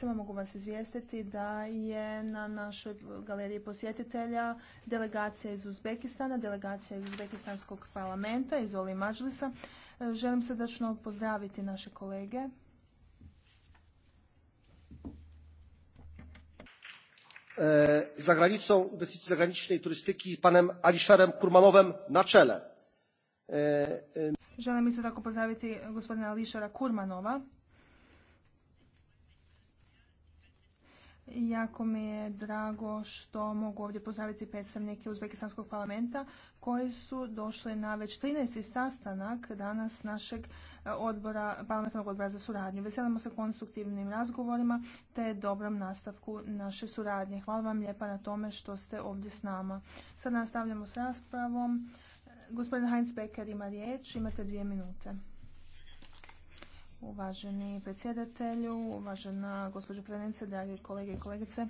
Samo mogu vas izvijestiti da je na našoj galeriji posjetitelja delegacija iz Uzbekistana, delegacija iz Uzbekistanskog parlamenta, iz Oli Mađlisa. E, želim srdačno pozdraviti naše kolege. E, za granicą inwestycji zagranicznej turystyki panem Kurmanowem na czele. E, želim isto tako pozdraviti gospodina Ališara Kurmanova Jako mi je drago što mogu ovdje pozdraviti predstavnike Uzbekistanskog parlamenta koji su došli na već 13. sastanak danas našeg e, odbora, parlamentarnog odbora za suradnju. Veselimo se konstruktivnim razgovorima te dobrom nastavku naše suradnje. Hvala vam lijepa na tome što ste ovdje s nama. Sad nastavljamo s raspravom. Gospodin Heinz Becker ima riječ, imate dvije minute. Uvaženi predsjedatelju, uvažena gospođo predsjednice, dragi kolege i kolegice.